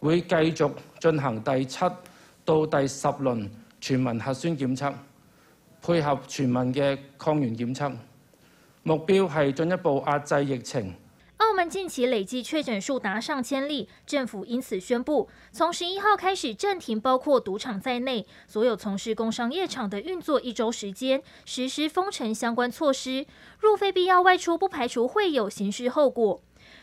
會繼續進行第七到第十輪全民核酸檢測，配合全民嘅抗原檢測，目標係進一步壓制疫情。澳門近期累計確診數達上千例，政府因此宣布從十一號開始暫停包括賭場在內所有從事工商業場的運作一周時間，實施封城相關措施。若非必要外出，不排除會有刑事後果。